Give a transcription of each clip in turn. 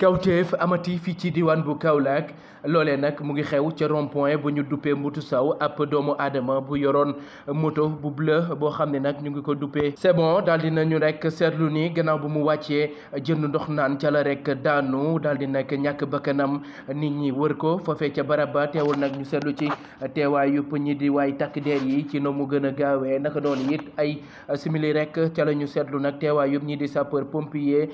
kawteef amati fii ci diwaan bu kaw Kaolack loolee nag mu ngi xew ca rond bu ñu duppee mbutu saw ab doomu aadama bu yoroon moto bu bleu boo xam ne nag ñu ngi ko duppee sebon bon daal di nañu rek seetlu ni gannaaw bu mu wàccee jënd ndox naan ca la rek daanu daal di nag ñàkk bakkanam nit ñi wër ko foofee ca barab ba teewul nag ñu seetlu ci teewaay yupp ñi di waay takk deer yi ci no mu gën a gaawee naka doon it ay simili rek ca la ñu seetlu nag teewaay yupp ñi di sapeur pompier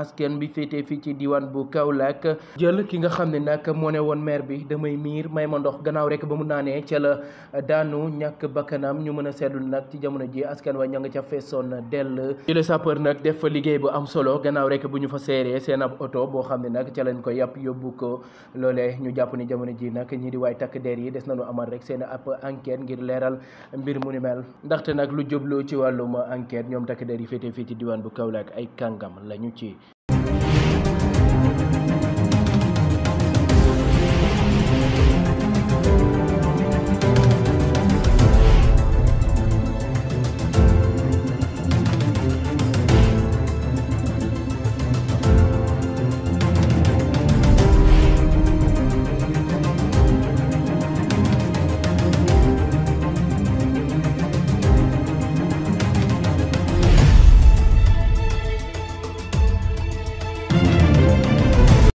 askan bi fété fi ci diwan bu Kaolack jël ki nga xamné nak nag moo ne maire bi damay mir may ma ndox gannaaw rek ba mu nané ci la daanu ñak bakanam ñu mëna sédul nak ci jamono ji askan wa ña ci ca del ci le sapeur nak def fa liggéey bu am solo gannaaw rek bu ñu fa séré seen ab auto bo xamné nak ci lañ ko yap yobbu ko lolé ñu japp ni jamono ji nak ñi di way tak der yi des nañu amal rek seen ab enquête ngir léral mbir mu ni mel ndaxte nak lu jublu ci ma enquête ñom tak der yi fété fi ci diwan bu Kaolack ay kangam lañu ci